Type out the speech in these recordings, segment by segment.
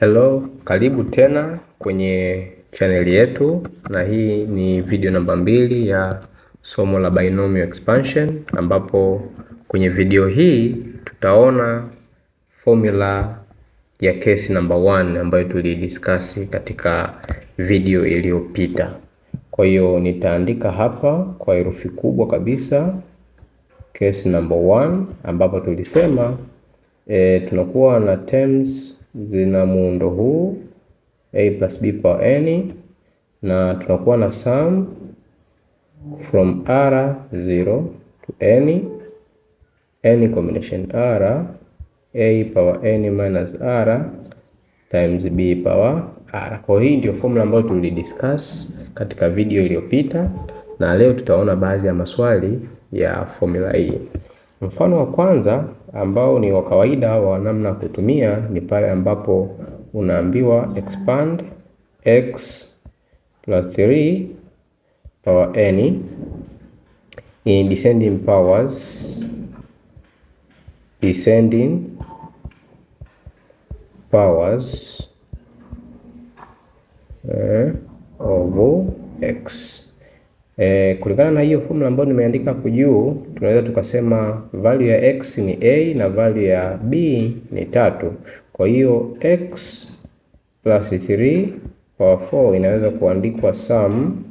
Hello, karibu tena kwenye chaneli yetu, na hii ni video namba mbili ya somo la binomial expansion, ambapo kwenye video hii tutaona formula ya case number one ambayo tulidiskasi katika video iliyopita. Kwa hiyo nitaandika hapa kwa herufi kubwa kabisa case number one ambapo tulisema e, tunakuwa na terms zina muundo huu a plus b power n, na tunakuwa na sum from r 0 to n n combination r a power n minus r times b power r. Kwa hii ndio formula ambayo tulidiscuss katika video iliyopita, na leo tutaona baadhi ya maswali ya formula hii. Mfano wa kwanza ambao ni wa kawaida wa namna kutumia ni pale ambapo unaambiwa expand x plus 3 power n in descending powers, descending powers eh, of x E, kulingana na hiyo formula ambayo nimeandika hapo juu, tunaweza tukasema value ya x ni a na value ya b ni tatu. Kwa hiyo x plus 3 power 4 inaweza kuandikwa sum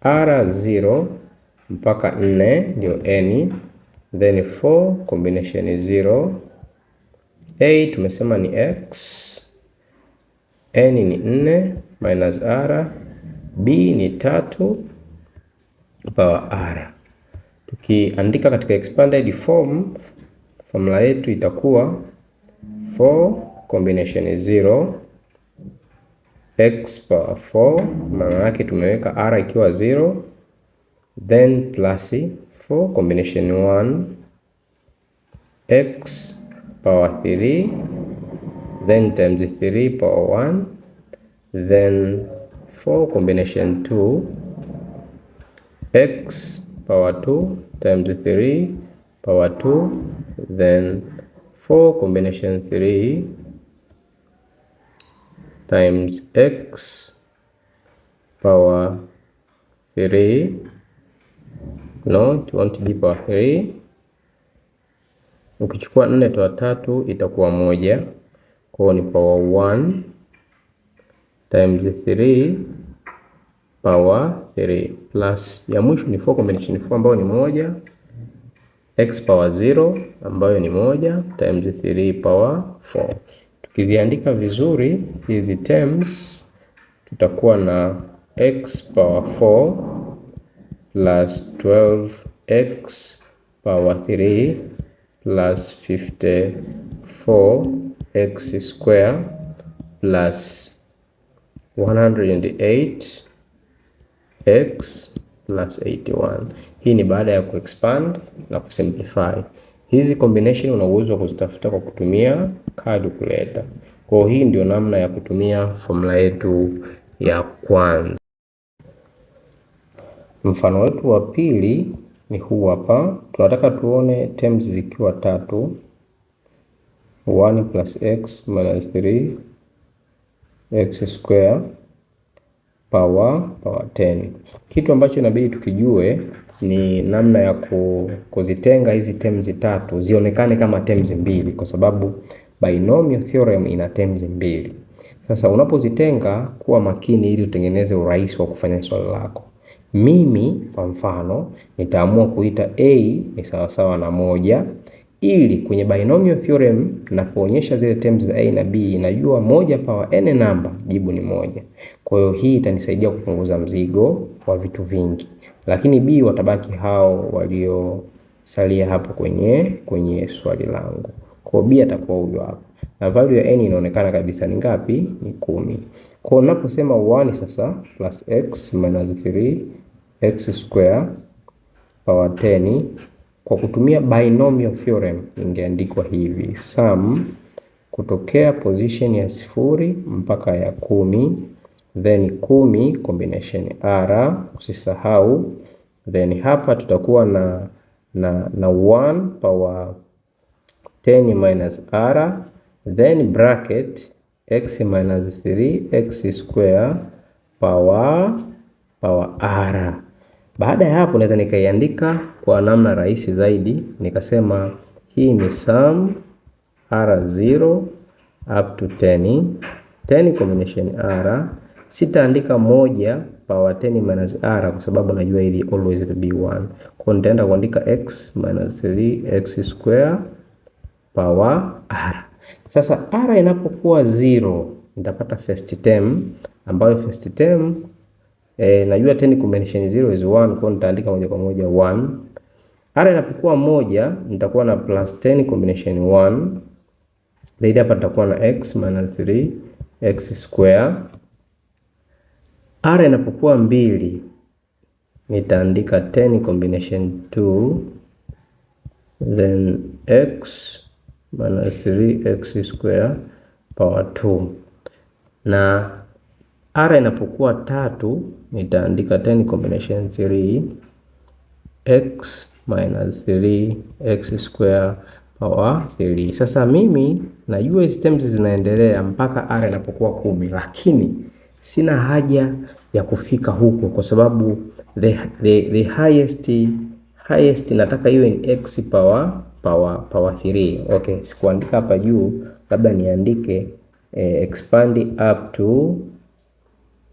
r 0 mpaka 4 ndio n, then 4 combination 0 a tumesema ni x, n ni 4 minus r, b ni tatu power r. Tukiandika katika expanded form, formula yetu itakuwa 4 combination 0 x power 4, maana yake tumeweka r ikiwa 0 then plus 4 combination 1 x power 3 then times 3 power 1 then 4 combination 2 x power 2 times 3 power 2 then 4 combination 3 times x power 3 no tuanti d power 3 ukichukua 4 toa tatu itakuwa moja kwao ni power 1 times 3 power 3 plus ya mwisho ni 4 combination 4 ambayo ni moja, x power 0 ambayo ni moja times 3 power 4. Tukiziandika vizuri hizi terms tutakuwa na x power 4 plus 12x power 3 plus 54x square plus 108 x plus 81. Hii ni baada ya kuexpand na kusimplify. Hizi combination una uwezo wa kuzitafuta kwa kutumia calculator. Kwa hii ndio namna ya kutumia formula yetu ya kwanza. Mfano wetu wa pili ni huu hapa. Tunataka tuone terms zikiwa tatu 1 plus x minus 3 x square power power 10. Kitu ambacho inabidi tukijue ni namna ya kuzitenga hizi terms tatu zionekane kama terms mbili, kwa sababu binomial theorem ina terms mbili. Sasa unapozitenga, kuwa makini ili utengeneze urahisi wa kufanya swali lako. Mimi kwa mfano nitaamua kuita a ni sawasawa na moja ili kwenye binomial theorem napoonyesha zile terms za a na b, najua moja power n namba, jibu ni moja. Kwa hiyo hii itanisaidia kupunguza mzigo wa vitu vingi, lakini b watabaki hao waliosalia hapo kwenye kwenye swali langu. Kwa hiyo b atakuwa huyo hapo, na value ya n inaonekana kabisa ni ngapi? Ni kumi. Kwa hiyo naposema 1 sasa plus x minus 3 x square power 10 kwa kutumia binomial theorem ingeandikwa hivi: sum kutokea position ya sifuri mpaka ya kumi, then kumi combination r, usisahau. Then hapa tutakuwa na na na 1 power 10 minus r, then bracket x minus 3 x square power power r baada ya hapo naweza nikaiandika kwa namna rahisi zaidi, nikasema hii ni sum r0 up to 10 10 combination r. Sitaandika moja power 10 minus r kwa sababu najua hili always to be 1, kwa nitaenda kuandika x minus 3x square power r. Sasa r inapokuwa 0 nitapata first term ambayo first term E, najua 10 combination 0 is 1, kwa nitaandika moja kwa moja 1. Ara inapokuwa moja nitakuwa na plus 10 combination 1. Zaidi hapa nitakuwa na x minus 3 x square. Ara inapokuwa mbili nitaandika 10 combination 2 then x minus 3 x square power 2 na R inapokuwa tatu nitaandika 10 combination 3 x minus 3 x square power 3. Sasa mimi najua hizi terms zinaendelea mpaka R inapokuwa kumi, lakini sina haja ya kufika huko kwa sababu the, the, the highest, highest nataka iwe ni x power power power 3. Okay, sikuandika hapa juu, labda niandike eh, expand up to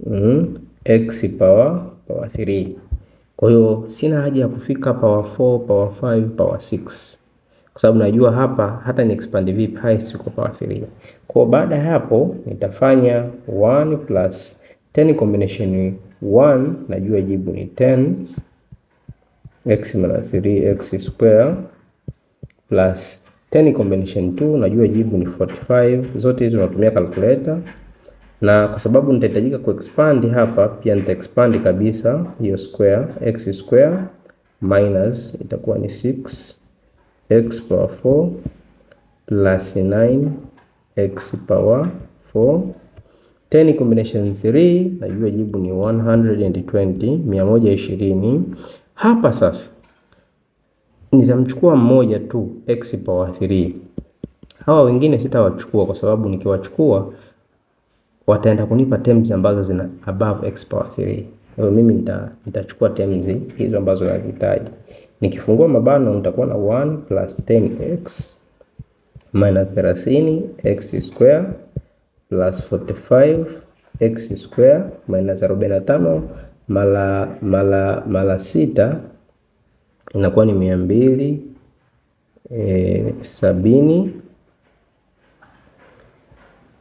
mm, x power power 3. Kwa hiyo sina haja ya kufika power 4, power 5, power 6 kwa sababu najua hapa hata ni expand vipi highest iko power 3. Kwa baada ya hapo nitafanya 1 plus 10 combination 1, najua jibu ni 10 x minus 3x square plus 10 combination 2, najua jibu ni 45. Zote hizo natumia calculator na kwa sababu nitahitajika kuexpand hapa, pia expand kabisa hiyo square. X square minus itakuwa ni 6 x power 4 plus 9 x power 4 10 combination 3, najua jibu ni 120, 120. Hapa sasa nitamchukua mmoja tu x power 3, hawa wengine sitawachukua kwa sababu nikiwachukua wataenda kunipa terms ambazo zina above x power 3. Kwa hiyo mimi nitachukua nita terms hizo ambazo nazihitaji. Nikifungua mabano nitakuwa na 1 plus 10x minus 30 x square plus 45 x square minus 45 mara mara mara sita inakuwa ni mia mbili e, sabini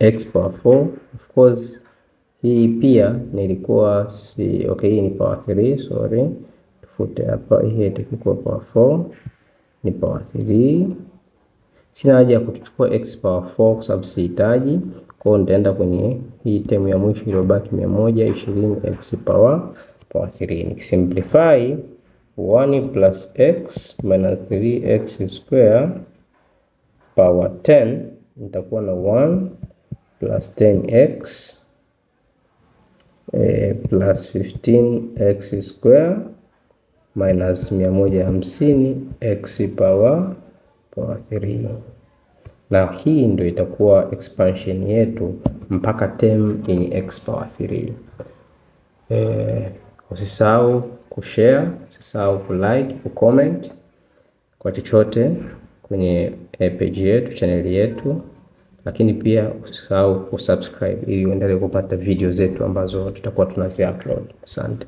x power 4 of course, hii pia nilikuwa si okay. Hii ni power 3 sorry, tufute hapa. Hii itakuwa power 4 ni power 3. Sina haja ya kutuchukua x power 4 kwa sababu sihitaji. Kwa hiyo nitaenda kwenye hii term ya mwisho iliyobaki 120 x power power 3, nikisimplify 1 plus x minus 3x square power 10 nitakuwa na 1 plus 10x e, eh, plus 15x square minus 150 x power power 3 na hii ndio itakuwa expansion yetu mpaka term yenye x power 3. E, eh, usisahau kushare, usisahau kulike, kucomment kwa chochote kwenye eh, page yetu, chaneli yetu lakini pia usisahau kusubscribe ili uendelee kupata video zetu ambazo tutakuwa tunazi upload. Asante.